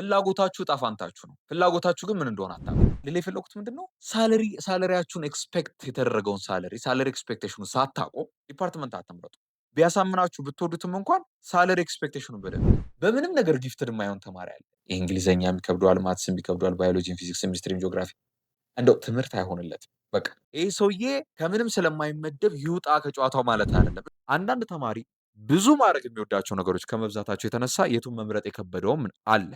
ፍላጎታችሁ ጣፋንታችሁ ነው። ፍላጎታችሁ ግን ምን እንደሆነ አታውቁም። ሌላ የፈለጉት ምንድን ነው? ሳለሪ ሳለሪያችሁን ኤክስፔክት የተደረገውን ሳለሪ ሳለሪ ኤክስፔክቴሽኑ ሳታቆ ዲፓርትመንት አትምረጡ። ቢያሳምናችሁ ብትወዱትም እንኳን ሳለሪ ኤክስፔክቴሽኑ በደንብ በምንም ነገር ጊፍትድ የማይሆን ተማሪ አለ። እንግሊዝኛ የሚከብደዋል፣ ማትስ የሚከብደዋል፣ ባዮሎጂን፣ ፊዚክስ፣ ሚኒስትሪም፣ ጂኦግራፊ እንደው ትምህርት አይሆንለትም። በቃ ይህ ሰውዬ ከምንም ስለማይመደብ ይውጣ ከጨዋታው ማለት አይደለም። አንዳንድ ተማሪ ብዙ ማድረግ የሚወዳቸው ነገሮች ከመብዛታቸው የተነሳ የቱን መምረጥ የከበደውም አለ።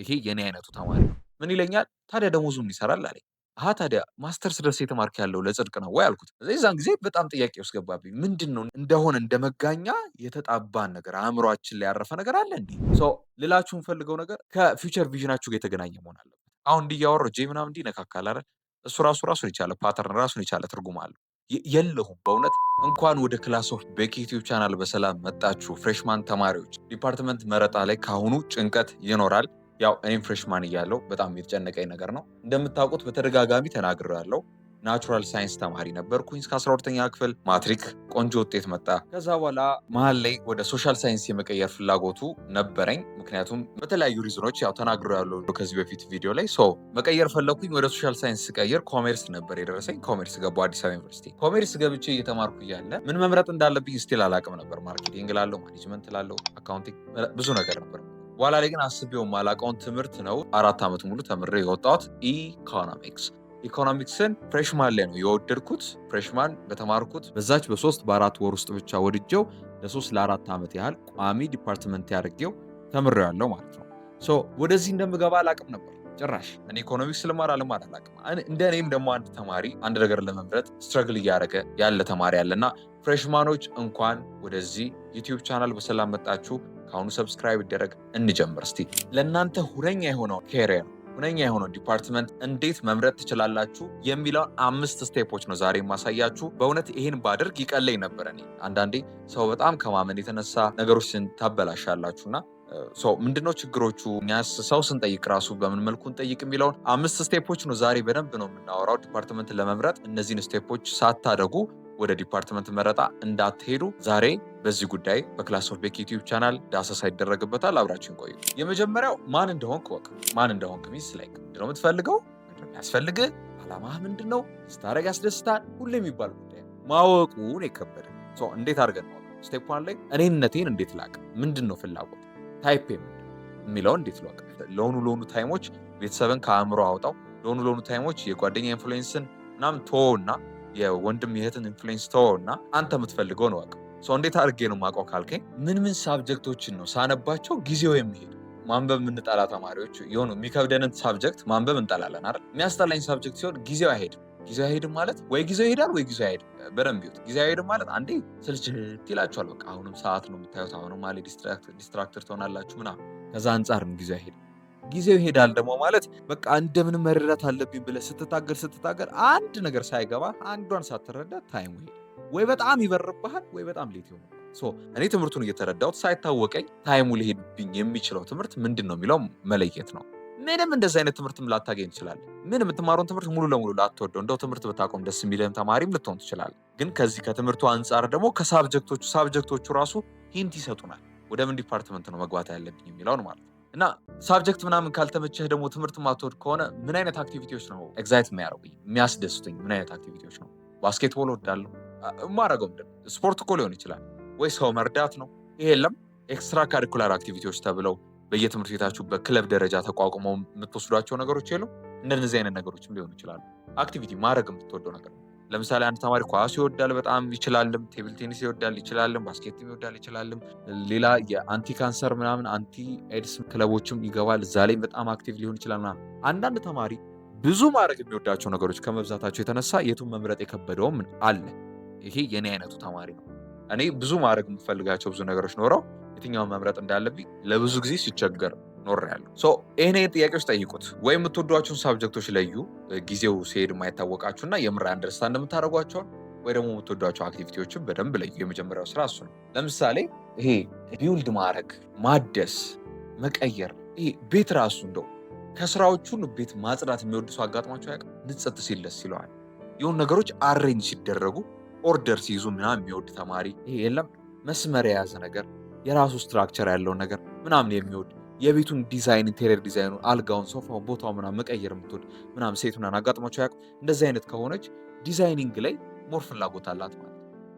ይሄ የኔ አይነቱ ተማሪ ነው። ምን ይለኛል ታዲያ ደሞዙም ይሰራል አለኝ። አሀ ታዲያ ማስተርስ ድረስ የተማርክ ያለው ለጽድቅ ነው ወይ አልኩት። እዛን ጊዜ በጣም ጥያቄ ውስጥ ገባብኝ። ምንድን ነው እንደሆነ እንደ መጋኛ የተጣባን ነገር አእምሯችን ላይ ያረፈ ነገር አለ እንዲ ሰው ልላችሁ የምፈልገው ነገር ከፊውቸር ቪዥናችሁ ጋር የተገናኘ መሆን አለበት። አሁን እንዲያወረ ጄ ምናም እንዲህ ነካካል እሱ ራሱ ራሱን የቻለ ፓተርን ራሱን የቻለ ትርጉም አለው። የለሁም በእውነት እንኳን ወደ ክላስ ኦፍ ቤክ ዩቲዩብ ቻናል በሰላም መጣችሁ። ፍሬሽማን ተማሪዎች ዲፓርትመንት መረጣ ላይ ከአሁኑ ጭንቀት ይኖራል። ያው እኔም ፍሬሽማን እያለው በጣም የተጨነቀኝ ነገር ነው። እንደምታውቁት በተደጋጋሚ ተናግሬ ያለው ናቹራል ሳይንስ ተማሪ ነበርኩኝ እስከ 12ተኛ ክፍል ማትሪክ ቆንጆ ውጤት መጣ። ከዛ በኋላ መሀል ላይ ወደ ሶሻል ሳይንስ የመቀየር ፍላጎቱ ነበረኝ። ምክንያቱም በተለያዩ ሪዝኖች ያው ተናግሮ ያለው ከዚህ በፊት ቪዲዮ ላይ ሶ መቀየር ፈለግኩኝ። ወደ ሶሻል ሳይንስ ስቀየር ኮሜርስ ነበር የደረሰኝ። ኮሜርስ ገባሁ አዲስ አበባ ዩኒቨርሲቲ። ኮሜርስ ገብቼ እየተማርኩ እያለ ምን መምረጥ እንዳለብኝ ስቲል አላቅም ነበር። ማርኬቲንግ ላለው፣ ማኔጅመንት ላለው፣ አካውንቲንግ ብዙ ነገር ነበር በኋላ ላይ ግን አስቤውም አላቀውን ትምህርት ነው አራት ዓመት ሙሉ ተምሬ የወጣሁት ኢኮኖሚክስ። ኢኮኖሚክስን ፍሬሽማን ላይ ነው የወደድኩት። ፍሬሽማን በተማርኩት በዛች በሶስት በአራት ወር ውስጥ ብቻ ወድጀው ለሶስት ለአራት ዓመት ያህል ቋሚ ዲፓርትመንት ያደርጌው ተምሬ ያለው ማለት ነው። ሶ ወደዚህ እንደምገባ አላቅም ነበር ጭራሽ። እኔ ኢኮኖሚክስ ልማር አልማር አላቅም። እንደ እኔም ደግሞ አንድ ተማሪ አንድ ነገር ለመምረጥ ስትረግል እያደረገ ያለ ተማሪ አለና ፍሬሽማኖች እንኳን ወደዚህ ዩቲዩብ ቻናል በሰላም መጣችሁ። ከአሁኑ ሰብስክራይብ ይደረግ። እንጀምር እስቲ ለእናንተ ሁነኛ የሆነው ኬሪየር ሁነኛ የሆነው ዲፓርትመንት እንዴት መምረጥ ትችላላችሁ የሚለውን አምስት ስቴፖች ነው ዛሬ የማሳያችሁ። በእውነት ይህን ባደርግ ይቀለኝ ነበር። እኔ አንዳንዴ ሰው በጣም ከማመን የተነሳ ነገሮችን ታበላሻላችሁና ምንድነው ችግሮቹ? እኛስ ሰው ስንጠይቅ ራሱ በምን መልኩ እንጠይቅ የሚለውን አምስት ስቴፖች ነው ዛሬ በደንብ ነው የምናወራው። ዲፓርትመንት ለመምረጥ እነዚህን ስቴፖች ሳታደጉ ወደ ዲፓርትመንት መረጣ እንዳትሄዱ ዛሬ በዚህ ጉዳይ በክላስ ኦፍ ቤክ ዩቲዩብ ቻናል ዳሰሳ ይደረግበታል። አብራችን ቆዩ። የመጀመሪያው ማን እንደሆንክ ወቅ ማን እንደሆንክ ሚስ ላይ ምንድነው የምትፈልገው? ያስፈልግ አላማህ ምንድን ነው? ስታደርግ ያስደስታል? ሁሉ የሚባል ጉዳይ ማወቁን የከበደ እንዴት አድርገን ነው ስቴፕ ዋን ላይ እኔነቴን እንዴት ላቅ፣ ምንድን ነው ፍላጎት፣ ታይፕ ምንድን የሚለው እንዴት ለወቅ? ለሆኑ ለሆኑ ታይሞች ቤተሰብን ከአእምሮ አውጣው። ለሆኑ ለሆኑ ታይሞች የጓደኛ ኢንፍሉዌንስን ምናምን እና የወንድም የእህትን ኢንፍሉዌንስ ተወው እና አንተ የምትፈልገው ነው እወቅ። ሰው እንዴት አድርጌ ነው ማቆ ካልከኝ ምን ምን ሳብጀክቶችን ነው ሳነባቸው ጊዜው የሚሄድ ማንበብ የምንጠላ ተማሪዎች የሆኑ የሚከብደንን ሳብጀክት ማንበብ እንጠላለን አይደል? የሚያስጠላኝ ሳብጀክት ሲሆን ጊዜው አይሄድም። ጊዜው አይሄድም ማለት ወይ ጊዜው ይሄዳል ወይ ጊዜው አይሄድም። በደንብ ይሁት ጊዜው አይሄድም ማለት አንዴ ስልችት ይላችኋል። በቃ አሁንም ሰዓት ነው የምታዩት፣ አሁንም ማለት ዲስትራክተር ትሆናላችሁ ምናምን። ከዛ አንጻር ጊዜው አይሄድም። ጊዜው ይሄዳል ደግሞ ማለት በቃ እንደምን መረዳት አለብኝ ብለህ ስትታገር ስትታገር አንድ ነገር ሳይገባ አንዷን ሳትረዳ ታይሙ ወይ በጣም ይበርብሃል፣ ወይ በጣም ሌት ይሆናል። እኔ ትምህርቱን እየተረዳሁት ሳይታወቀኝ ታይሙ ሊሄድብኝ የሚችለው ትምህርት ምንድን ነው የሚለው መለየት ነው። ምንም እንደዚህ አይነት ትምህርትም ላታገኝ ትችላለህ። ምን የምትማረውን ትምህርት ሙሉ ለሙሉ ላትወደው፣ እንደው ትምህርት ብታቆም ደስ የሚልህም ተማሪም ልትሆን ትችላለህ። ግን ከዚህ ከትምህርቱ አንጻር ደግሞ ከሳብጀክቶቹ ሳብጀክቶቹ ራሱ ሂንት ይሰጡናል። ወደ ምን ዲፓርትመንት ነው መግባት ያለብኝ የሚለውን ማለት እና ሳብጀክት ምናምን ካልተመቸህ ደግሞ ትምህርት ማትወድ ከሆነ ምን አይነት አክቲቪቲዎች ነው ኤግዛይት የሚያደርጉኝ የሚያስደስቱኝ? ምን አይነት አክቲቪቲዎች ነው? ባስኬትቦል ወዳለሁ የማደርገው ምድ ስፖርት እኮ ሊሆን ይችላል ወይ ሰው መርዳት ነው። ይሄ የለም። ኤክስትራ ካሪኩላር አክቲቪቲዎች ተብለው በየትምህርት ቤታችሁ በክለብ ደረጃ ተቋቁመው የምትወስዷቸው ነገሮች የሉም? እንደነዚህ አይነት ነገሮችም ሊሆኑ ይችላሉ። አክቲቪቲ ማድረግ የምትወደው ነገር ነው። ለምሳሌ አንድ ተማሪ ኳስ ይወዳል፣ በጣም ይችላልም፣ ቴብል ቴኒስ ይወዳል፣ ይችላልም፣ ባስኬትም ይወዳል፣ ይችላልም። ሌላ የአንቲ ካንሰር ምናምን አንቲ ኤድስ ክለቦችም ይገባል፣ እዛ ላይ በጣም አክቲቭ ሊሆን ይችላል ምናምን። አንዳንድ ተማሪ ብዙ ማድረግ የሚወዳቸው ነገሮች ከመብዛታቸው የተነሳ የቱን መምረጥ የከበደውም አለ። ይሄ የኔ አይነቱ ተማሪ ነው። እኔ ብዙ ማድረግ የምፈልጋቸው ብዙ ነገሮች ኖረው የትኛውን መምረጥ እንዳለብኝ ለብዙ ጊዜ ሲቸገር ኖር ያለው ይህን ጥያቄዎች ጠይቁት፣ ወይም የምትወዷቸውን ሳብጀክቶች ለዩ። ጊዜው ሲሄድ የማይታወቃችሁና የምራ አንደርስታንድ እንደምታደርጓቸውን ወይ ደግሞ የምትወዷቸው አክቲቪቲዎችን በደንብ ለዩ። የመጀመሪያው ስራ እሱ ነው። ለምሳሌ ይሄ ቢውልድ ማድረግ፣ ማደስ፣ መቀየር ይሄ ቤት ራሱ እንደው ከስራዎቹን ቤት ማጽዳት የሚወድ ሰው አጋጥሟቸው ያውቃል? ንጸት ሲለስ ይለዋል። የሆኑ ነገሮች አሬንጅ ሲደረጉ ኦርደር ሲይዙ ምናምን የሚወድ ተማሪ ይሄ የለም መስመር የያዘ ነገር የራሱ ስትራክቸር ያለው ነገር ምናምን የሚወድ የቤቱን ዲዛይን ኢንቴሪየር ዲዛይኑ አልጋውን፣ ሶፋውን፣ ቦታው ምናምን መቀየር የምትወድ ምናምን ሴት ምናምን አጋጥሟቸው ያውቁ እንደዚህ አይነት ከሆነች ዲዛይኒንግ ላይ ሞር ፍላጎት አላት ማለት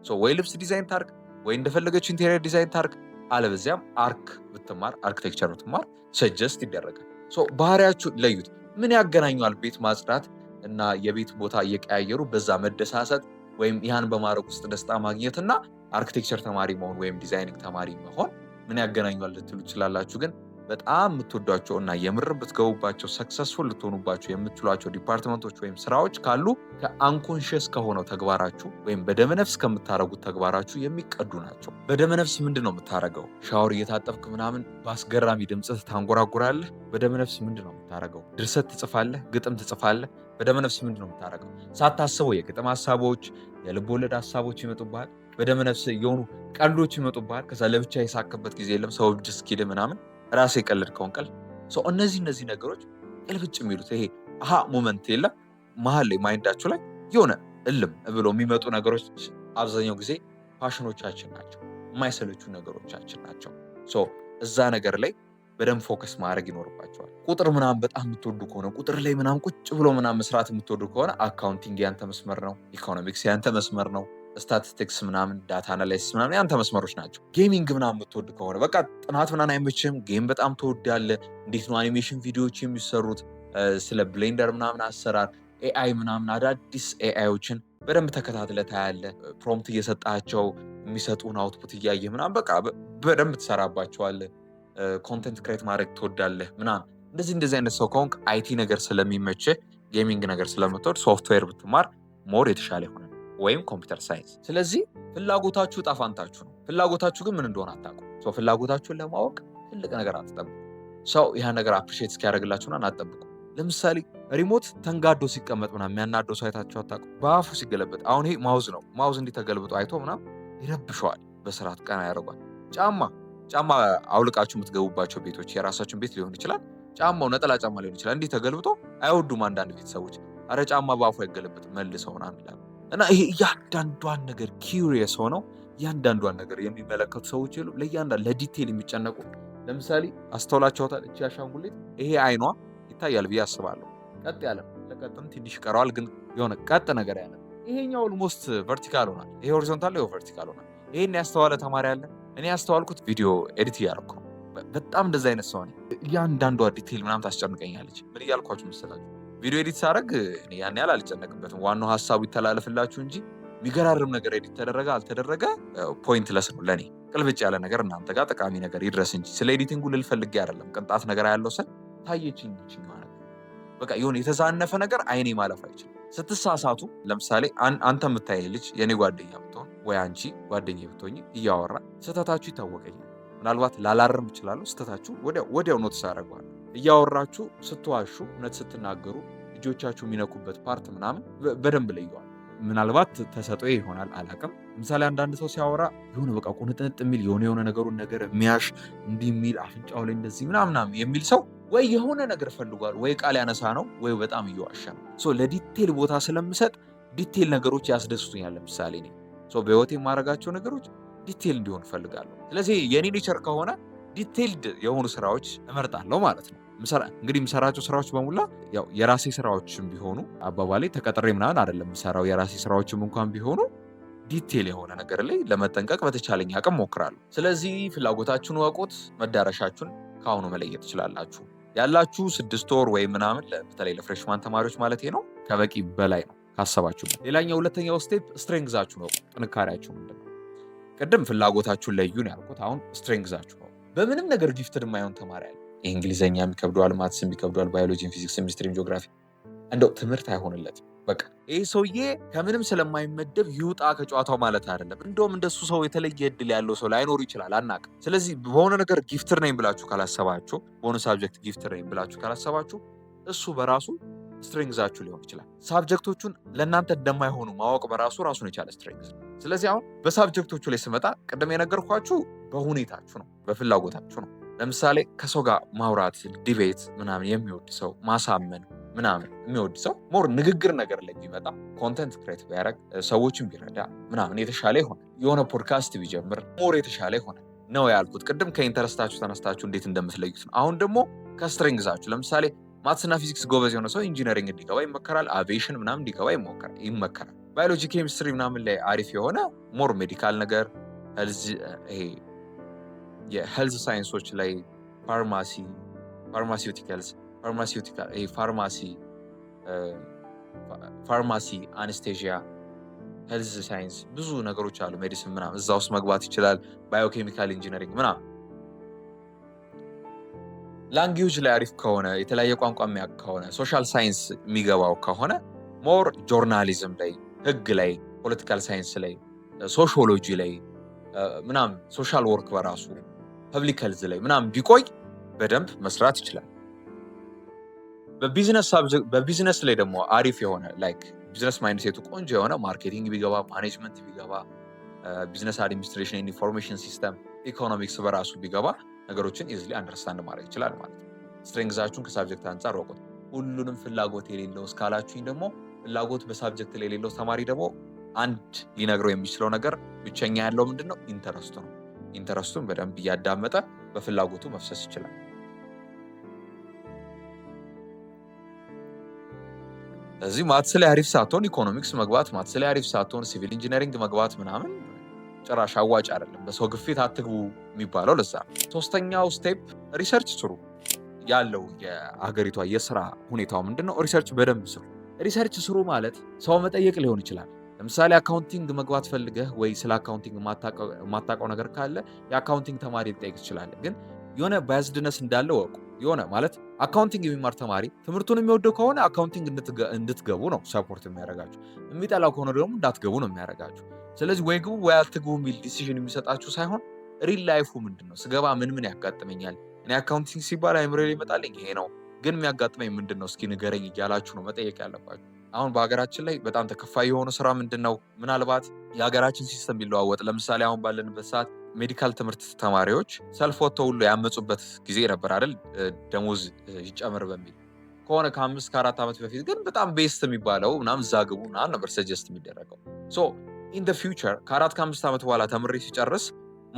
ነው። ወይ ልብስ ዲዛይን ታርክ፣ ወይ እንደፈለገች ኢንቴሪየር ዲዛይን ታርክ፣ አለበዚያም አርክ ብትማር አርክቴክቸር ብትማር ሰጀስት ይደረጋል። ባህሪያችሁ ለዩት። ምን ያገናኘዋል ቤት ማጽዳት እና የቤት ቦታ እየቀያየሩ በዛ መደሳሰት ወይም ያን በማድረግ ውስጥ ደስታ ማግኘት እና አርክቴክቸር ተማሪ መሆን ወይም ዲዛይኒንግ ተማሪ መሆን ምን ያገናኘዋል ልትሉ ትችላላችሁ ግን በጣም የምትወዷቸው እና የምር ብትገቡባቸው ሰክሰስፉል ልትሆኑባቸው የምትችሏቸው ዲፓርትመንቶች ወይም ስራዎች ካሉ ከአንኮንሽስ ከሆነው ተግባራችሁ ወይም በደመነፍስ ከምታደረጉት ተግባራችሁ የሚቀዱ ናቸው። በደመነፍስ ምንድን ነው የምታደረገው? ሻወር እየታጠብክ ምናምን በአስገራሚ ድምፅ ታንጎራጉራለህ። በደመነፍስ ምንድን ነው የምታደረገው? ድርሰት ትጽፋለህ፣ ግጥም ትጽፋለህ። በደመነፍስ ምንድን ነው የምታደረገው? ሳታስበው የግጥም ሀሳቦች፣ የልብ ወለድ ሀሳቦች ይመጡብሃል። በደመነፍስ የሆኑ ቀልዶች ይመጡብሃል። ከዛ ለብቻ የሳክበት ጊዜ የለም ሰው እብድ እስኪድ ምናምን ራሱ የቀለድከውን ቀል እነዚህ እነዚህ ነገሮች ቅልብጭ የሚሉት ይሄ አሀ ሞመንት የለም መሀል ላይ ማይንዳችሁ ላይ የሆነ እልም ብሎ የሚመጡ ነገሮች አብዛኛው ጊዜ ፋሽኖቻችን ናቸው፣ የማይሰለቹ ነገሮቻችን ናቸው። እዛ ነገር ላይ በደንብ ፎከስ ማድረግ ይኖርባቸዋል። ቁጥር ምናምን በጣም የምትወዱ ከሆነ ቁጥር ላይ ምናምን ቁጭ ብሎ ምናምን መስራት የምትወዱ ከሆነ አካውንቲንግ ያንተ መስመር ነው፣ ኢኮኖሚክስ ያንተ መስመር ነው፣ ስታቲስቲክስ ምናምን ዳታ አናላይሲስ ምናምን ያንተ መስመሮች ናቸው። ጌሚንግ ምናምን የምትወድ ከሆነ በቃ ጥናት ምናምን አይመችም፣ ጌም በጣም ትወዳለ። እንዴት ነው አኒሜሽን ቪዲዮዎች የሚሰሩት፣ ስለ ብሌንደር ምናምን አሰራር፣ ኤአይ ምናምን አዳዲስ ኤአዮችን በደንብ ተከታትለ ታያለ። ፕሮምፕት እየሰጣቸው የሚሰጡን አውትፑት እያየ ምናምን በቃ በደንብ ትሰራባቸዋለ። ኮንቴንት ክሬት ማድረግ ትወዳለህ ምናምን። እንደዚህ እንደዚህ አይነት ሰው ከሆንክ አይቲ ነገር ስለሚመች ጌሚንግ ነገር ስለምትወድ ሶፍትዌር ብትማር ሞር የተሻለ ይሆናል። ወይም ኮምፒውተር ሳይንስ። ስለዚህ ፍላጎታችሁ ጣፋንታችሁ ነው። ፍላጎታችሁ ግን ምን እንደሆነ አታውቁም። ሰው ፍላጎታችሁን ለማወቅ ትልቅ ነገር አትጠብቁ። ሰው ይህ ነገር አፕሪሼት እስኪያደርግላችሁና አትጠብቁ። ለምሳሌ ሪሞት ተንጋዶ ሲቀመጥ ምናምን የሚያናደው ሰው አይታችሁ አታውቁም። በአፉ ሲገለበጥ አሁን ይሄ ማውዝ ነው። ማውዝ እንዲህ ተገልብጦ አይቶ ምናምን ይረብሸዋል። በስርዓት ቀና ያደርጓል። ጫማ ጫማ አውልቃችሁ የምትገቡባቸው ቤቶች የራሳችሁን ቤት ሊሆን ይችላል። ጫማው ነጠላ ጫማ ሊሆን ይችላል። እንዲህ ተገልብጦ አይወዱም አንዳንድ ቤተሰቦች። አረ ጫማ በአፉ አይገለበጥ መልሰውን አንላል እና ይሄ እያንዳንዷን ነገር ኪሪየስ ሆነው እያንዳንዷን ነገር የሚመለከቱ ሰዎች የሉም። ለእያንዳንዱ ለዲቴል የሚጨነቁ ለምሳሌ አስተውላቸውታል። እቺ አሻንጉሊት ይሄ አይኗ ይታያል ብዬ አስባለሁ። ቀጥ ያለ ለቀጥም ትንሽ ይቀረዋል፣ ግን የሆነ ቀጥ ነገር ያለ ይሄኛው ኦልሞስት ቨርቲካል ሆናል። ይሄ ሆሪዞንታል ላይ ቨርቲካል ሆናል። ይሄን ያስተዋለ ተማሪ አለ? እኔ ያስተዋልኩት ቪዲዮ ኤዲት እያደረኩ ነው። በጣም እንደዚ አይነት ሰው እያንዳንዷ ዲቴል ምናምን ታስጨንቀኛለች። ምን እያልኳችሁ መሰላችሁ? ቪዲዮ ኤዲት ሳደርግ ያን ያህል አልጨነቅበትም። ዋናው ሀሳቡ ይተላለፍላችሁ እንጂ የሚገራርም ነገር ኤዲት ተደረገ አልተደረገ ፖይንት ለስ ነው ለእኔ። ቅልብጭ ያለ ነገር እናንተ ጋር ጠቃሚ ነገር ይድረስ እንጂ ስለ ኤዲቲንጉ ልል ፈልጌ አይደለም። ቅንጣት ነገር ያለው ስል ታየችኝ በቃ የሆነ የተዛነፈ ነገር አይኔ ማለፍ አይችልም። ስትሳሳቱ ለምሳሌ አንተ የምታየ ልጅ የእኔ ጓደኛ ብትሆን ወይ አንቺ ጓደኛ ብትሆኝ እያወራ ስህተታችሁ ይታወቀኛል። ምናልባት ላላርም እችላለሁ። ስህተታችሁ ወዲያው ኖትስ ያደርገዋል። እያወራችሁ ስትዋሹ፣ እውነት ስትናገሩ ልጆቻችሁ የሚነኩበት ፓርት ምናምን በደንብ ለየዋል። ምናልባት ተሰጦ ይሆናል አላቅም። ምሳሌ አንዳንድ ሰው ሲያወራ የሆነ በቃ ቁንጥንጥ የሚል የሆነ የሆነ ነገሩን ነገር የሚያሽ እንዲህ የሚል አፍንጫው ላይ እንደዚህ ምናምናም የሚል ሰው ወይ የሆነ ነገር ፈልጓል፣ ወይ ቃል ያነሳ ነው፣ ወይ በጣም እየዋሸ ነው። ለዲቴል ቦታ ስለምሰጥ ዲቴል ነገሮች ያስደስቱኛል። ለምሳሌ እኔ በህይወቴ የማደርጋቸው ነገሮች ዲቴል እንዲሆን እፈልጋለሁ። ስለዚህ የኔ ኔቸር ከሆነ ዲቴልድ የሆኑ ስራዎች እመርጣለሁ ማለት ነው። እንግዲህ የምሰራቸው ስራዎች በሙላ የራሴ ስራዎችም ቢሆኑ አባባሌ ተቀጥሬ ምናምን አይደለም የምሰራው። የራሴ ስራዎችም እንኳን ቢሆኑ ዲቴል የሆነ ነገር ላይ ለመጠንቀቅ በተቻለኝ አቅም ሞክራሉ። ስለዚህ ፍላጎታችሁን ወቁት መዳረሻችሁን ከአሁኑ መለየት ትችላላችሁ። ያላችሁ ስድስት ወር ወይም ምናምን በተለይ ለፍሬሽማን ተማሪዎች ማለት ነው ከበቂ በላይ ነው ካሰባችሁ። ሌላኛው ሁለተኛው ስቴፕ ስትሬንግዛችሁ ነው፣ ጥንካሬያችሁ ምንድን ነው? ቅድም ፍላጎታችሁን ለዩን ያልኩት አሁን ስትሬንግዛችሁ ነው። በምንም ነገር ጊፍትድ የማይሆን ተማሪ አለ። እንግሊዘኛም ይከብደዋል፣ ማትስም ይከብደዋል፣ ባዮሎጂን፣ ፊዚክስ፣ ሚኒስትሪም፣ ጂኦግራፊ እንደው ትምህርት አይሆንለት በቃ ይህ ሰውዬ ከምንም ስለማይመደብ ይውጣ ከጨዋታው ማለት አይደለም። እንደውም እንደሱ ሰው የተለየ እድል ያለው ሰው ላይኖሩ ይችላል፣ አናውቅም። ስለዚህ በሆነ ነገር ጊፍትር ነኝ ብላችሁ ካላሰባችሁ፣ በሆነ ሳብጀክት ጊፍትር ነኝ ብላችሁ ካላሰባችሁ እሱ በራሱ ስትሪንግዛችሁ ሊሆን ይችላል። ሳብጀክቶቹን ለእናንተ እንደማይሆኑ ማወቅ በራሱ ራሱን የቻለ ስትሪንግዝ ነው። ስለዚህ አሁን በሳብጀክቶቹ ላይ ስመጣ ቅድም የነገርኳችሁ በሁኔታችሁ ነው፣ በፍላጎታችሁ ነው። ለምሳሌ ከሰው ጋር ማውራት ዲቤት ምናምን የሚወድ ሰው ማሳመን ምናምን የሚወድ ሰው ሞር ንግግር ነገር ላይ ቢመጣ ኮንተንት ክሬት ቢያደርግ ሰዎችን ቢረዳ ምናምን የተሻለ ይሆናል። የሆነ ፖድካስት ቢጀምር ሞር የተሻለ ይሆናል ነው ያልኩት። ቅድም ከኢንተረስታችሁ ተነስታችሁ እንዴት እንደምትለዩት ነው። አሁን ደግሞ ከስትሬንግዛችሁ ለምሳሌ ማትስና ፊዚክስ ጎበዝ የሆነ ሰው ኢንጂነሪንግ እንዲገባ ይመከራል። አቪዬሽን ምናምን እንዲገባ ይመከራል። ባዮሎጂ፣ ኬሚስትሪ ምናምን ላይ አሪፍ የሆነ ሞር ሜዲካል ነገር የሄልዝ ሳይንሶች ላይ ፋርማሲ፣ ፋርማሲውቲካልስ፣ ፋርማሲውቲካል ፋርማሲ ፋርማሲ፣ ሄልዝ ሳይንስ ብዙ ነገሮች አሉ። ሜዲሲን ምናም እዛ ውስጥ መግባት ይችላል። ባዮኬሚካል ኢንጂነሪንግ ምና ላንጉጅ ላይ አሪፍ ከሆነ የተለያየ ቋንቋ የሚያውቅ ከሆነ ሶሻል ሳይንስ የሚገባው ከሆነ ሞር ጆርናሊዝም ላይ፣ ህግ ላይ፣ ፖለቲካል ሳይንስ ላይ፣ ሶሽሎጂ ላይ eh, ምናምን ሶሻል ወርክ በራሱ ፐብሊክ ሄልዝ ላይ ምናምን ቢቆይ በደንብ መስራት ይችላል። በቢዝነስ ላይ ደግሞ አሪፍ የሆነ ላይክ ቢዝነስ ሴቱ ቆንጆ የሆነ ማርኬቲንግ ቢገባ፣ ማኔጅመንት ቢገባ፣ ቢዝነስ አድሚኒስትሬሽን፣ ኢንፎርሜሽን ሲስተም፣ ኢኮኖሚክስ በራሱ ቢገባ ነገሮችን ኢዝሊ አንደርስታንድ ማድረግ ይችላል ማለት ነው። ስትሬንግዛችሁን ከሳብጀክት አንጻር ወቁት። ሁሉንም ፍላጎት የሌለው እስካላችሁኝ ደግሞ ፍላጎት በሳብጀክት ላይ የሌለው ተማሪ ደግሞ አንድ ሊነግረው የሚችለው ነገር ብቸኛ ያለው ምንድን ነው? ኢንተረስቱ ነው። ኢንተረስቱን በደንብ እያዳመጠ በፍላጎቱ መፍሰስ ይችላል። እዚህ ማትስ ላይ አሪፍ ሳትሆን ኢኮኖሚክስ መግባት፣ ማትስ ላይ አሪፍ ሳትሆን ሲቪል ኢንጂነሪንግ መግባት ምናምን ጭራሽ አዋጭ አይደለም። በሰው ግፊት አትግቡ የሚባለው ለዛ። ሶስተኛው ስቴፕ ሪሰርች ስሩ። ያለው የአገሪቷ የስራ ሁኔታው ምንድን ነው? ሪሰርች በደንብ ስሩ። ሪሰርች ስሩ ማለት ሰው መጠየቅ ሊሆን ይችላል ለምሳሌ አካውንቲንግ መግባት ፈልገህ ወይ ስለ አካውንቲንግ የማታውቀው ነገር ካለ የአካውንቲንግ ተማሪ ልጠይቅ ትችላለህ። ግን የሆነ ባያዝድነስ እንዳለ ወቁ። የሆነ ማለት አካውንቲንግ የሚማር ተማሪ ትምህርቱን የሚወደው ከሆነ አካውንቲንግ እንድትገቡ ነው ሰፖርት የሚያደርጋችሁ። የሚጠላው ከሆነ ደግሞ እንዳትገቡ ነው የሚያደርጋችሁ። ስለዚህ ወይ ግቡ ወይ አትግቡ የሚል ዲሲዥን የሚሰጣችሁ ሳይሆን ሪል ላይፉ ምንድን ነው፣ ስገባ ምን ምን ያጋጥመኛል፣ እኔ አካውንቲንግ ሲባል አይምሬ ይመጣልኝ ይሄ ነው፣ ግን የሚያጋጥመኝ ምንድን ነው እስኪ ንገረኝ እያላችሁ ነው መጠየቅ ያለባችሁ። አሁን በሀገራችን ላይ በጣም ተከፋይ የሆነ ስራ ምንድን ነው? ምናልባት የሀገራችን ሲስተም ቢለዋወጥ፣ ለምሳሌ አሁን ባለንበት ሰዓት ሜዲካል ትምህርት ተማሪዎች ሰልፍ ወጥተው ሁሉ ያመፁበት ጊዜ ነበር አይደል? ደሞዝ ይጨምር በሚል ከሆነ ከአምስት ከአራት ዓመት በፊት ግን በጣም ቤስት የሚባለው ምናምን እዛ ግቡ ምናምን ነበር ሰጀስት የሚደረገው። ሶ ኢን ደ ፊውቸር ከአራት ከአምስት ዓመት በኋላ ተምሬ ሲጨርስ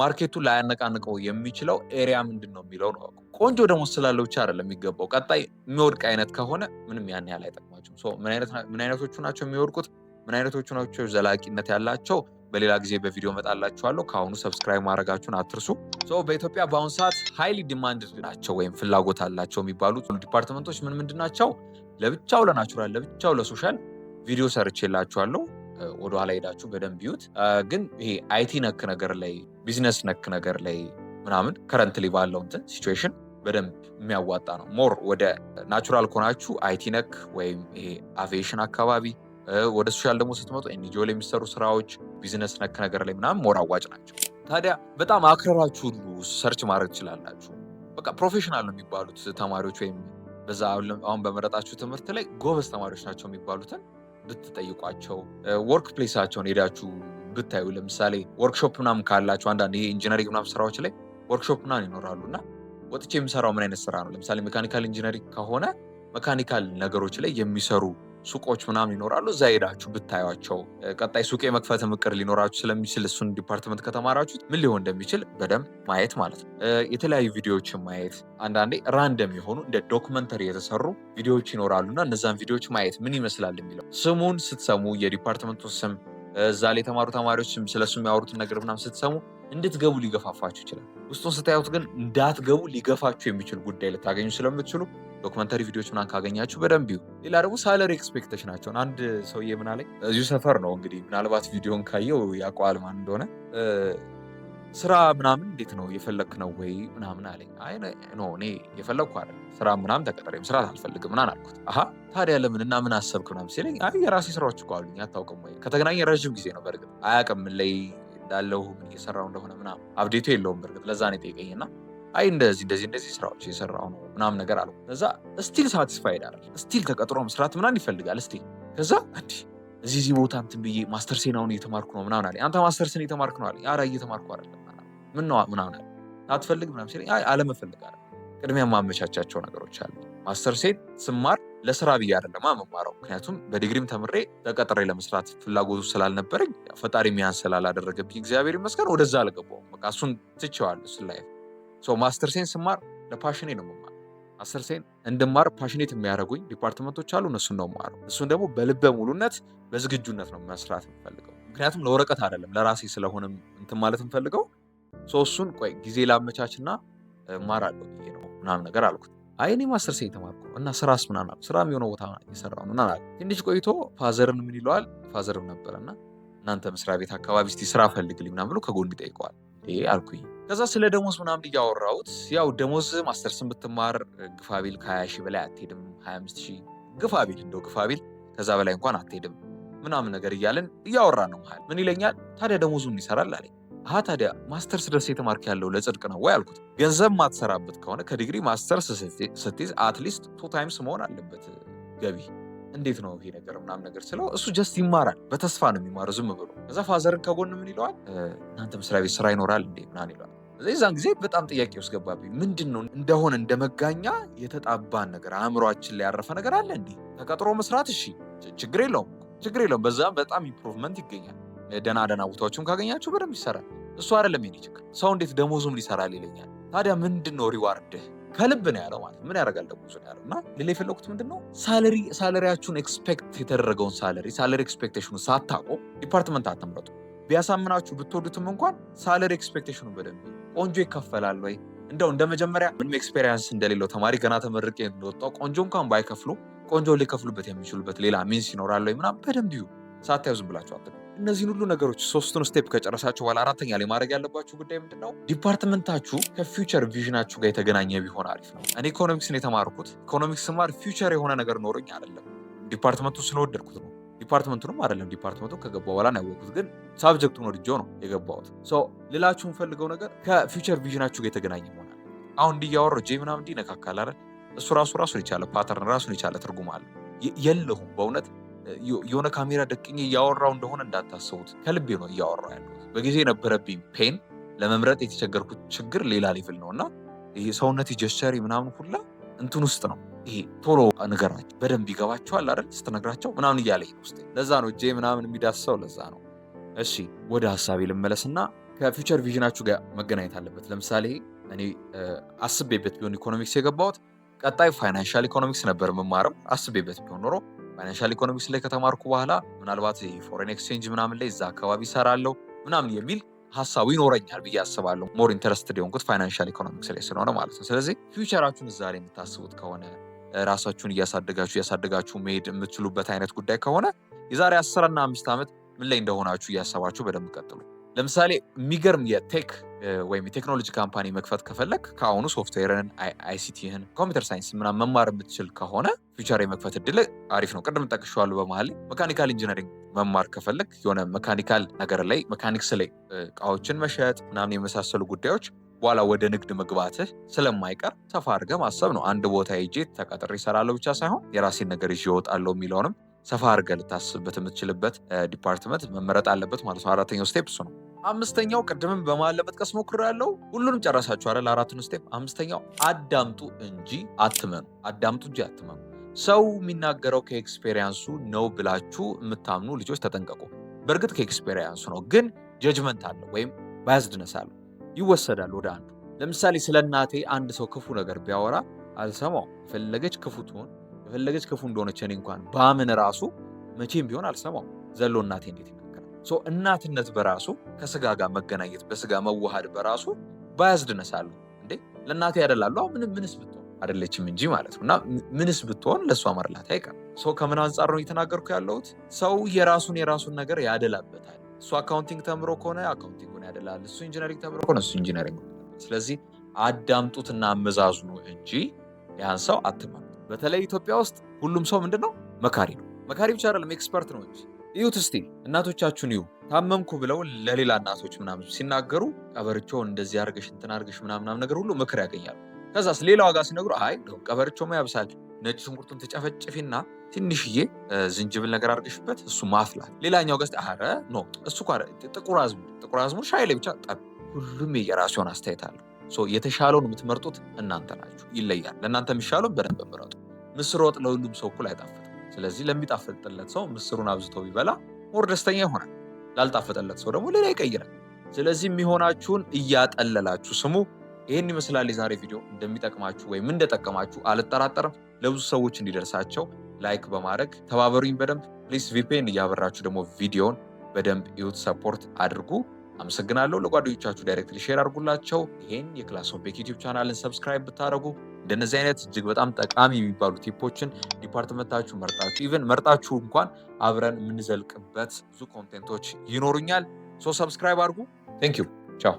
ማርኬቱ ላያነቃንቀው የሚችለው ኤሪያ ምንድን ነው የሚለው ነው። ቆንጆ ደሞዝ ስላለው ብቻ አይደለም የሚገባው። ቀጣይ የሚወድቅ አይነት ከሆነ ምንም ያን ያህል አይጠቅም። አይወድቁም። ምን አይነቶቹ ናቸው የሚወድቁት? ምን አይነቶቹ ናቸው ዘላቂነት ያላቸው? በሌላ ጊዜ በቪዲዮ መጣላችኋለሁ። ከአሁኑ ሰብስክራይብ ማድረጋችሁን አትርሱ። በኢትዮጵያ በአሁኑ ሰዓት ሀይሊ ዲማንድ ናቸው ወይም ፍላጎት አላቸው የሚባሉት ዲፓርትመንቶች ምን ምንድን ናቸው? ለብቻው ለናቹራል፣ ለብቻው ለሶሻል ቪዲዮ ሰርቼላችኋለሁ። ወደኋላ ሄዳችሁ በደንብ ይዩት። ግን ይሄ አይቲ ነክ ነገር ላይ ቢዝነስ ነክ ነገር ላይ ምናምን ከረንትሊ ባለው እንትን ሲቹዌሽን በደንብ የሚያዋጣ ነው። ሞር ወደ ናቹራል ከሆናችሁ አይቲ ነክ ወይም ይሄ አቪዬሽን አካባቢ ወደ ሶሻል ደግሞ ስትመጡ ኤንጂኦ ላይ የሚሰሩ ስራዎች ቢዝነስ ነክ ነገር ላይ ምናምን ሞር አዋጭ ናቸው። ታዲያ በጣም አክረራችሁ ሁሉ ሰርች ማድረግ ትችላላችሁ። በቃ ፕሮፌሽናል ነው የሚባሉት ተማሪዎች ወይም በዛ አሁን በመረጣችሁ ትምህርት ላይ ጎበዝ ተማሪዎች ናቸው የሚባሉትን ብትጠይቋቸው፣ ወርክ ፕሌሳቸውን ሄዳችሁ ብታዩ፣ ለምሳሌ ወርክሾፕ ምናምን ካላቸው አንዳንድ ይሄ ኢንጂነሪንግ ምናምን ስራዎች ላይ ወርክሾፕ ምናምን ይኖራሉ እና ወጥቼ የምሰራው ምን አይነት ስራ ነው? ለምሳሌ ሜካኒካል ኢንጂነሪንግ ከሆነ መካኒካል ነገሮች ላይ የሚሰሩ ሱቆች ምናምን ይኖራሉ። እዛ ሄዳችሁ ብታዩቸው ቀጣይ ሱቅ የመክፈት ምቅር ሊኖራችሁ ስለሚችል እሱን ዲፓርትመንት ከተማራችሁት ምን ሊሆን እንደሚችል በደንብ ማየት ማለት ነው። የተለያዩ ቪዲዮዎችን ማየት አንዳንዴ ራንደም የሆኑ እንደ ዶክመንተሪ የተሰሩ ቪዲዮዎች ይኖራሉ እና እነዛን ቪዲዮዎች ማየት ምን ይመስላል የሚለው ስሙን ስትሰሙ የዲፓርትመንቱ ስም እዛ ላይ የተማሩ ተማሪዎች ስለሱ የሚያወሩትን ነገር ምናምን ስትሰሙ እንድትገቡ ሊገፋፋችሁ ይችላል። ውስጡን ስታዩት ግን እንዳትገቡ ሊገፋችሁ የሚችል ጉዳይ ልታገኙ ስለምትችሉ ዶክመንታሪ ቪዲዮዎች ምናምን ካገኛችሁ በደንብ ይሁ። ሌላ ደግሞ ሳለሪ ኤክስፔክቴሽናቸውን አንድ ሰውዬ ምና ላይ እዚሁ ሰፈር ነው እንግዲህ ምናልባት ቪዲዮን ካየው ያውቀዋል ማን እንደሆነ። ስራ ምናምን እንዴት ነው የፈለክ ነው ወይ ምናምን አለኝ። አይ ኖ እኔ የፈለግኩ አለ ስራ ምናምን ተቀጠረ ስራት አልፈልግም ምናምን አልኩት። አሀ ታዲያ ለምን እና ምን አሰብክ ምናምን ሲለኝ አይ የራሴ ስራዎች እኮ አሉኝ አታውቅም ወይ? ከተገናኘ ረዥም ጊዜ ነው በእርግጥ አያውቅም ላይ እንዳለው ምን እየሰራው እንደሆነ ምናምን አብዴቱ የለውም። በእርግጥ ለዛ ነው የጠየቀኝና አይ እንደዚህ እንደዚህ እንደዚህ ስራዎች የሰራው ነው ምናምን ነገር አለው። ከዛ ስቲል ሳቲስፋይድ አይደል፣ ስቲል ተቀጥሮ መስራት ምናምን ይፈልጋል ስቲል። ከዛ እንዲ እዚህ እዚህ ቦታ እንትን ብዬ ማስተርሴን አሁን እየተማርኩ ነው ምናምን አለ። አንተ ማስተር ማስተርስን እየተማርክ ነው አለ። አራ እየተማርኩ አለ ምን ነው ምናምን አለ። አትፈልግ ምናምን ሲለኝ አለመፈልግ አለ። ቅድሚያ ማመቻቻቸው ነገሮች አለ ማስተር ሴት ስማር ለስራ ብዬ አይደለማ መማረው። ምክንያቱም በዲግሪም ተምሬ ተቀጥሬ ለመስራት ፍላጎቱ ስላልነበረኝ ፈጣሪ ሚያን ስላላደረገብኝ እግዚአብሔር ይመስገን ወደዛ አልገባሁም። በቃ እሱን ትቼዋለሁ። ስላይ ማስተር ሴን ስማር ለፓሽኔ ነው የምማር። ማስተር ሴን እንድማር ፓሽኔት የሚያደርጉኝ ዲፓርትመንቶች አሉ። እነሱን ነው የማረው። እሱን ደግሞ በልበ ሙሉነት በዝግጁነት ነው መስራት የምፈልገው። ምክንያቱም ለወረቀት አይደለም ለራሴ ስለሆነም እንትን ማለት የምፈልገው እሱን ቆይ ጊዜ ላመቻችና ማር አለው ብዬ ነው ምናምን ነገር አልኩት። አይ እኔ ማስተርስ የተማርኩ እና ስራስ ምናምን አልኩ። ስራ የሆነ ቦታ የሰራው ምናምን አልኩ። ትንሽ ቆይቶ ፋዘርን ምን ይለዋል ፋዘርም እና እናንተ መስሪያ ቤት አካባቢ እስቲ ስራ ፈልግልኝ ምናምን ብሎ ከጎን ይጠይቀዋል። ይሄ አልኩኝ። ከዛ ስለ ደሞዝ ምናምን እያወራሁት ያው ደሞዝ ማስተርስን ብትማር ግፋቢል ከሀያ ሺህ በላይ አትሄድም፣ ሀያ አምስት ሺህ ግፋቢል እንደው ግፋቢል ከዛ በላይ እንኳን አትሄድም ምናምን ነገር እያለን እያወራ ነው መሀል ምን ይለኛል ታዲያ ደሞዙ ምን ይሰራል አለኝ። አሀ ታዲያ ማስተርስ ደርስ የተማርክ ያለው ለጽድቅ ነው ወይ አልኩት። ገንዘብ ማትሰራበት ከሆነ ከዲግሪ ማስተርስ ስትይዝ አትሊስት ቱ ታይምስ መሆን አለበት ገቢ። እንዴት ነው ይሄ ነገር ምናምን ነገር ስለው እሱ ጀስት ይማራል፣ በተስፋ ነው የሚማረው ዝም ብሎ። ከዛ ፋዘርን ከጎን ምን ይለዋል፣ እናንተ መስሪያ ቤት ስራ ይኖራል እንዴ ምናምን ይለዋል። የዛን ጊዜ በጣም ጥያቄ ውስጥ ገባብኝ። ምንድን ነው እንደሆነ እንደ መጋኛ የተጣባን ነገር አእምሯችን ላይ ያረፈ ነገር አለ እንዴ? ተቀጥሮ መስራት እሺ፣ ችግር የለውም ችግር የለውም። በዛም በጣም ኢምፕሩቭመንት ይገኛል። ደና ደና ቦታዎችም ካገኛችሁ በደንብ ይሰራል። እሱ አይደለም የኔ ችግር። ሰው እንዴት ደሞዙም ሊሰራል ይለኛል። ታዲያ ምንድን ነው ሪዋርድህ? ከልብ ነው ያለው ማለት ምን ያደርጋል ደሞዙ ነው ያለው። እና ሌላ የፈለጉት ምንድን ነው ሳለሪ ሳለሪያችሁን ኤክስፔክት የተደረገውን ሳለሪ ሳለሪ ኤክስፔክቴሽኑ ሳታቆ ዲፓርትመንት አትምረጡ። ቢያሳምናችሁ ብትወዱትም እንኳን ሳለሪ ኤክስፔክቴሽኑ በደንብ ቆንጆ ይከፈላል ወይ እንደው እንደ መጀመሪያ ምንም ኤክስፔሪንስ እንደሌለው ተማሪ ገና ተመርቄ እንደወጣው ቆንጆ እንኳን ባይከፍሉ ቆንጆ ሊከፍሉበት የሚችሉበት ሌላ ሚንስ ይኖራል ወይ ምናምን በደንብ ዩ ሳታዩ ዝም ብላችሁ እነዚህን ሁሉ ነገሮች ሶስቱን ስቴፕ ከጨረሳችሁ በኋላ አራተኛ ላይ ማድረግ ያለባችሁ ጉዳይ ምንድን ነው? ዲፓርትመንታችሁ ከፊውቸር ቪዥናችሁ ጋር የተገናኘ ቢሆን አሪፍ ነው። እኔ ኢኮኖሚክስን የተማርኩት ኢኮኖሚክስ ስማር ፊውቸር የሆነ ነገር ኖረኝ አይደለም፣ ዲፓርትመንቱ ስለወደድኩት ነው። ዲፓርትመንቱንም አይደለም ዲፓርትመንቱ ከገባ በኋላ ነው ያወቅኩት፣ ግን ሳብጀክቱን ወድጄ ነው የገባሁት። ሌላችሁ የምፈልገው ነገር ከፊውቸር ቪዥናችሁ ጋር የተገናኘ ይሆናል። አሁን እንዲያወራሁ ጄ ምናምን እንዲነካካል አይደል? እሱ ራሱ ራሱን የቻለ ፓተርን ራሱን የቻለ ትርጉም አለ የለሁም በእውነት የሆነ ካሜራ ደቅኜ እያወራው እንደሆነ እንዳታሰቡት ከልቤ ነው እያወራው ያለሁት። በጊዜ የነበረብኝ ፔን ለመምረጥ የተቸገርኩት ችግር ሌላ ሌቭል ነው እና ይሄ ሰውነት ጀስቸሪ ምናምን ሁላ እንትን ውስጥ ነው። ይሄ ቶሎ ናቸው፣ በደንብ ይገባቸዋል አይደል? ስትነግራቸው ምናምን እያለ ነው ለዛ ነው እጄ ምናምን የሚዳስሰው ለዛ ነው። እሺ ወደ ሀሳቤ ልመለስና ከፊውቸር ቪዥናችሁ ጋር መገናኘት አለበት። ለምሳሌ እኔ አስቤበት ቢሆን ኢኮኖሚክስ የገባሁት ቀጣይ ፋይናንሻል ኢኮኖሚክስ ነበር የምማረው። አስቤበት ቢሆን ኖሮ ፋይናንሻል ኢኮኖሚክስ ላይ ከተማርኩ በኋላ ምናልባት ፎሬን ኤክስቼንጅ ምናምን ላይ እዛ አካባቢ እሰራለሁ ምናምን የሚል ሀሳቡ ይኖረኛል ብዬ አስባለሁ። ሞር ኢንተረስትድ የሆንኩት ፋይናንሻል ኢኮኖሚክስ ላይ ስለሆነ ማለት ነው። ስለዚህ ፊውቸራችሁን እዛ ላይ የምታስቡት ከሆነ ራሳችሁን እያሳደጋችሁ እያሳደጋችሁ መሄድ የምትችሉበት አይነት ጉዳይ ከሆነ የዛሬ አስርና አምስት ዓመት ምን ላይ እንደሆናችሁ እያሰባችሁ በደንብ ቀጥሉ። ለምሳሌ የሚገርም የቴክ ወይም የቴክኖሎጂ ካምፓኒ መክፈት ከፈለግ ከአሁኑ ሶፍትዌርን፣ አይሲቲህን፣ ኮምፒውተር ሳይንስ ምናምን መማር የምትችል ከሆነ ፊውቸር የመክፈት እድል አሪፍ ነው። ቅድም ጠቅሸዋሉ በመሀል መካኒካል ኢንጂነሪንግ መማር ከፈለግ የሆነ መካኒካል ነገር ላይ መካኒክስ ላይ እቃዎችን መሸጥ ምናምን የመሳሰሉ ጉዳዮች በኋላ ወደ ንግድ መግባትህ ስለማይቀር ሰፋ አድርገህ ማሰብ ነው። አንድ ቦታ ሄጄ ተቀጥሬ እሰራለሁ ብቻ ሳይሆን የራሴን ነገር ይዤ እወጣለሁ የሚለውንም ሰፋ አድርገህ ልታስብበት የምትችልበት ዲፓርትመንት መመረጥ አለበት ማለት ነው። አራተኛው ስቴፕ እሱ ነው። አምስተኛው ቅድምም በመሃል ሞክሮ ያለው ሁሉንም ጨረሳችሁ አይደል? አራቱን ስቴፕ። አምስተኛው አዳምጡ እንጂ አትመኑ። አዳምጡ እንጂ አትመኑ። ሰው የሚናገረው ከኤክስፔሪያንሱ ነው ብላችሁ የምታምኑ ልጆች ተጠንቀቁ። በእርግጥ ከኤክስፔሪያንሱ ነው፣ ግን ጀጅመንት አለ ወይም ባያዝድነስ አለ፣ ይወሰዳል ወደ አንዱ። ለምሳሌ ስለ እናቴ አንድ ሰው ክፉ ነገር ቢያወራ አልሰማው። የፈለገች ክፉ ትሆን የፈለገች ክፉ እንደሆነች እኔ እንኳን በአምን ራሱ መቼም ቢሆን አልሰማው። ዘሎ እናቴ እንዴት እናትነት በራሱ ከስጋ ጋር መገናኘት በስጋ መዋሃድ በራሱ ባያዝድነሳሉ እንዴ ለእናቴ ያደላሉ ምንም ምንስ ብትሆን አደለችም እንጂ ማለት ነው እና ምንስ ብትሆን ለእሷ ማርላት አይቀር ሰው ከምን አንጻር ነው እየተናገርኩ ያለሁት? ሰው የራሱን የራሱን ነገር ያደላበታል። እሱ አካውንቲንግ ተምሮ ከሆነ አካውንቲንግ ያደላል። እሱ ኢንጂነሪንግ ተምሮ ከሆነ እሱ ኢንጂነሪንግ። ስለዚህ አዳምጡትና አመዛዝኑ እንጂ ያን ሰው አትማ። በተለይ ኢትዮጵያ ውስጥ ሁሉም ሰው ምንድን ነው መካሪ ነው። መካሪ ብቻ አይደለም ኤክስፐርት ነው እንጂ እዩት እስቲ እናቶቻችሁን እዩ ታመምኩ ብለው ለሌላ እናቶች ምናምን ሲናገሩ ቀበርቾ እንደዚህ አርገሽ እንትን አርገሽ ምናምናም ነገር ሁሉ ምክር ያገኛሉ። ከዛስ ሌላ ዋጋ ሲነግሩ አይ ቀበርቾ ያብሳል ነጭ ሽንኩርቱን ተጨፈጭፊና ትንሽዬ ዝንጅብል ነገር አርገሽበት እሱ ማፍላት። ሌላኛው ገስ አረ ኖ እሱ ጥቁር አዝሙድ ጥቁር አዝሙድ ሻይ ላይ ብቻ ጠብ። ሁሉም የራሱ የሆነ አስተያየት አለው። የተሻለውን የምትመርጡት እናንተ ናችሁ። ይለያል። ለእናንተ የሚሻለው በደንብ ምረጡ። ምስር ወጥ ለሁሉም ሰው እኩል አይጣፍጥም። ስለዚህ ለሚጣፈጥለት ሰው ምስሩን አብዝቶ ቢበላ ሞር ደስተኛ ይሆናል። ላልጣፈጠለት ሰው ደግሞ ሌላ ይቀይራል። ስለዚህ የሚሆናችሁን እያጠለላችሁ ስሙ። ይህን ይመስላል የዛሬ ቪዲዮ። እንደሚጠቅማችሁ ወይም እንደጠቀማችሁ አልጠራጠርም። ለብዙ ሰዎች እንዲደርሳቸው ላይክ በማድረግ ተባበሩኝ። በደንብ ፕሊስ ቪፔን እያበራችሁ ደግሞ ቪዲዮን በደንብ ዩት ሰፖርት አድርጉ። አመሰግናለሁ። ለጓደኞቻችሁ ዳይሬክትሊ ሼር አድርጉላቸው። ይህን የክላስ ኦፍ ቤክ ዩቲዩብ ቻናልን ሰብስክራይብ ብታደረጉ እንደነዚህ አይነት እጅግ በጣም ጠቃሚ የሚባሉ ቲፖችን ዲፓርትመንታችሁ መርጣችሁ ኢቨን መርጣችሁ እንኳን አብረን የምንዘልቅበት ብዙ ኮንቴንቶች ይኖሩኛል። ሶ ሰብስክራይብ አድርጉ። ቴንክ ዩ ቻው።